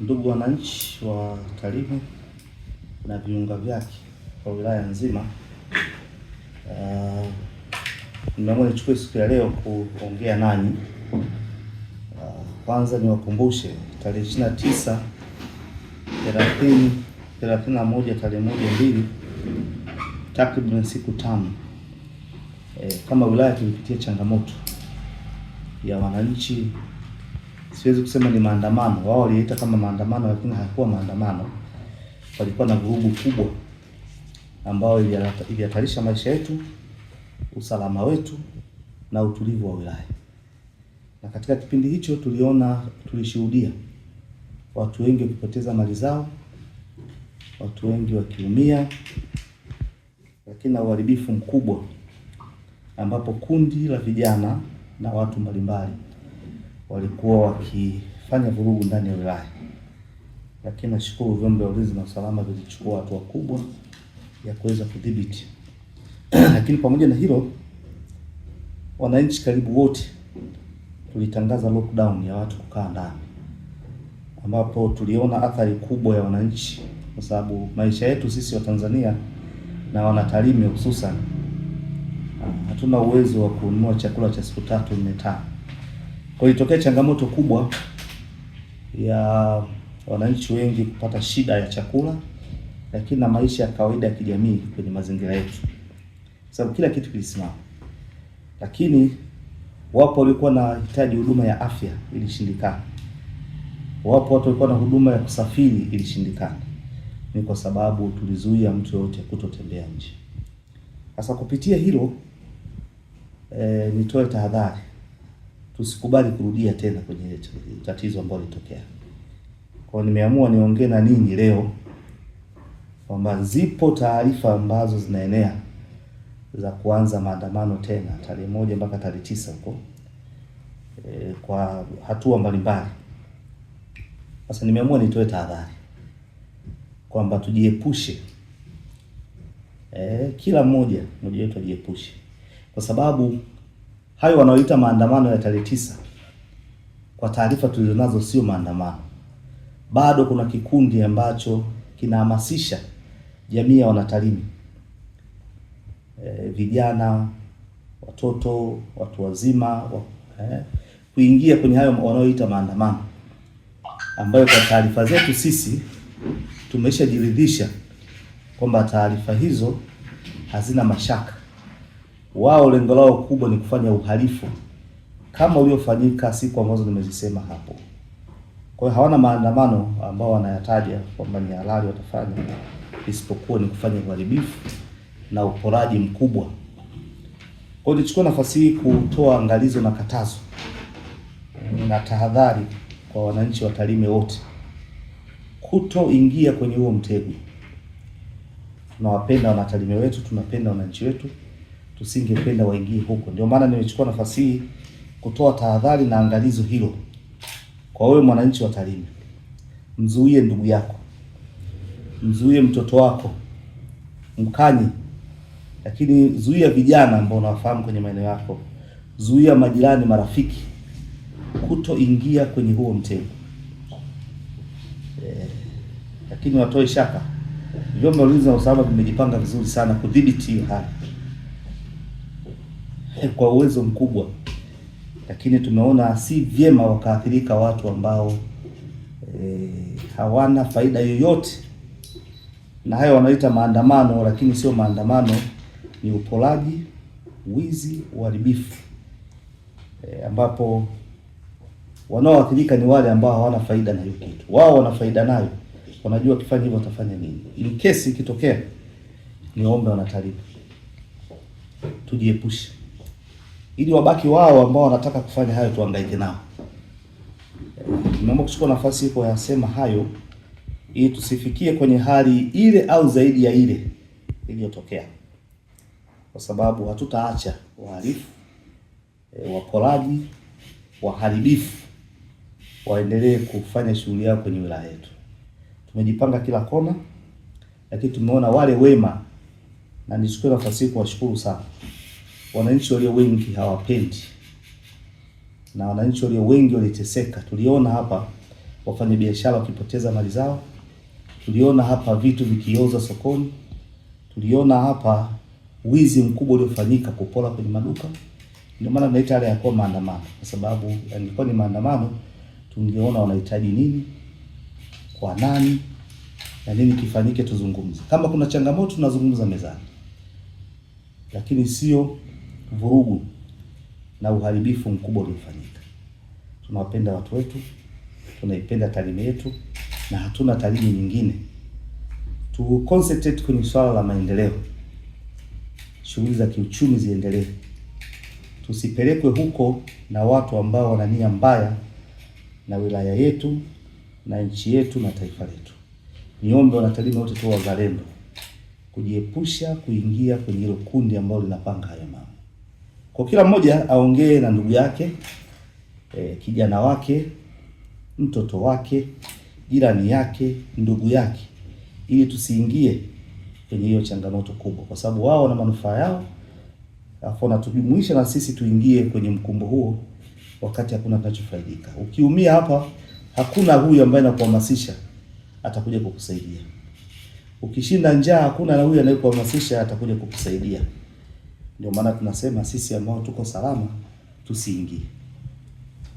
Ndugu wananchi wa Tarime na viunga vyake kwa wilaya nzima, uh, nimeamua nichukue siku ya leo kuongea nanyi. Ah, kwanza ni niwakumbushe tarehe ishirini na tisa thelathini thelathini na moja tarehe moja mbili, takriban siku tano e, kama wilaya tulipitia changamoto ya wananchi siwezi kusema ni maandamano, wao waliita kama maandamano, lakini hakuwa maandamano, walikuwa na vurugu kubwa ambayo ilihatarisha maisha yetu, usalama wetu na utulivu wa wilaya. Na katika kipindi hicho tuliona, tulishuhudia watu wengi wakipoteza mali zao, watu wengi wakiumia, lakini na uharibifu mkubwa, ambapo kundi la vijana na watu mbalimbali walikuwa wakifanya vurugu ndani ya wilaya, lakini nashukuru vyombo vya ulinzi na usalama vilichukua hatua kubwa ya kuweza kudhibiti. Lakini pamoja na hilo, wananchi karibu wote tulitangaza lockdown ya watu kukaa ndani, ambapo tuliona athari kubwa ya wananchi, kwa sababu maisha yetu sisi wa Tanzania na wanatalime hususan hatuna uwezo wa kununua chakula cha siku tatu nne tano kwa hiyo itokea changamoto kubwa ya wananchi wengi kupata shida ya chakula, lakini na maisha ya kawaida ya kijamii kwenye mazingira yetu, sababu kila kitu kilisimama. Lakini wapo walikuwa na hitaji huduma ya afya, ilishindikana. Wapo watu walikuwa na huduma ya kusafiri, ilishindikana. Ni kwa sababu tulizuia mtu yoyote kutotembea nje. Sasa kupitia hilo, e, nitoe tahadhari tusikubali kurudia tena kwenye tatizo ambalo litokea. Kwa hiyo nimeamua niongee na ninyi leo kwamba zipo taarifa ambazo zinaenea za kuanza maandamano tena tarehe moja mpaka tarehe tisa huko e, kwa hatua mbalimbali. Sasa nimeamua nitoe tahadhari kwamba tujiepushe, e, kila mmoja mmoja wetu ajiepushe kwa sababu hayo wanaoita maandamano ya tarehe tisa, kwa taarifa tulizonazo sio maandamano. Bado kuna kikundi ambacho kinahamasisha jamii ya Wanatarime, e, vijana, watoto, watu wazima wa, eh, kuingia kwenye hayo wanaoita maandamano ambayo kwa taarifa zetu sisi tumeshajiridhisha kwamba taarifa hizo hazina mashaka wao lengo lao kubwa ni kufanya uhalifu kama uliofanyika siku ambazo nimezisema hapo. Kwa hiyo hawana maandamano ambao wanayataja kwamba ni halali watafanya, isipokuwa ni kufanya uharibifu na uporaji mkubwa. Kwa hiyo nichukue nafasi hii kutoa angalizo na katazo na tahadhari kwa wananchi wa Tarime wote kutoingia kwenye huo mtego. Tunawapenda wanatarime wetu, tunapenda wananchi wetu tusingependa waingie huko. Ndio maana nimechukua nafasi hii kutoa tahadhari na angalizo hilo kwa wewe mwananchi wa Tarime, mzuie ndugu yako, mzuie mtoto wako, mkanye, lakini zuia vijana ambao unawafahamu kwenye maeneo yako, zuia majirani, marafiki, kutoingia kwenye huo mtego eh, lakini watoe shaka vyombo vya ulinzi na usalama vimejipanga vizuri sana kudhibiti hiyo hali kwa uwezo mkubwa, lakini tumeona si vyema wakaathirika watu ambao e, hawana faida yoyote na hayo wanaita maandamano, lakini sio maandamano, ni upolaji, wizi, uharibifu e, ambapo wanaoathirika ni wale ambao hawana faida na hiyo kitu. Wao wana faida nayo, wanajua kifanya hivyo watafanya nini. In case ikitokea, niombe wanataribu, tujiepushe ili wabaki wao ambao wanataka kufanya hayo tuangaike nao. Naomba kuchukua nafasi hiko yasema hayo ili tusifikie kwenye hali ile au zaidi ya ile iliyotokea, kwa sababu hatutaacha wahalifu, e, waporaji, waharibifu waendelee kufanya shughuli yao kwenye wilaya yetu. Tumejipanga kila kona, lakini tumeona wale wema, na nichukue nafasi hii kuwashukuru sana wananchi walio wengi hawapendi na wananchi walio wengi waliteseka. Tuliona hapa wafanyabiashara wakipoteza mali zao, tuliona hapa vitu vikioza sokoni, tuliona hapa wizi mkubwa uliofanyika kupola kwenye maduka. Ndio maana naita yale yakuwa maandamano, kwa sababu yangekuwa ni maandamano tungeona wanahitaji nini, kwa nani na nini kifanyike, tuzungumze. Kama kuna changamoto tunazungumza mezani, lakini sio vurugu na uharibifu mkubwa uliofanyika. Tunawapenda watu wetu, tunaipenda Tarime yetu na hatuna Tarime nyingine. Tu concentrate kwenye swala la maendeleo, shughuli za kiuchumi ziendelee, tusipelekwe huko na watu ambao wana nia mbaya na wilaya yetu na nchi yetu na taifa letu. Niombe wanatarime wote tu wazalendo, kujiepusha kuingia kwenye hilo kundi ambalo linapanga hayo. Kwa kila mmoja aongee na ndugu yake e, kijana wake, mtoto wake, jirani yake, ndugu yake, ili tusiingie kwenye hiyo changamoto kubwa, kwa sababu wao na manufaa yao, alafu wanatujumuisha na sisi tuingie kwenye mkumbo huo, wakati hakuna kinachofaidika. Ukiumia hapa, hakuna huyu ambaye anakuhamasisha atakuja kukusaidia. Ukishinda njaa, hakuna na huyu anayekuhamasisha atakuja kukusaidia. Ndio maana tunasema sisi ambao tuko salama tusiingie.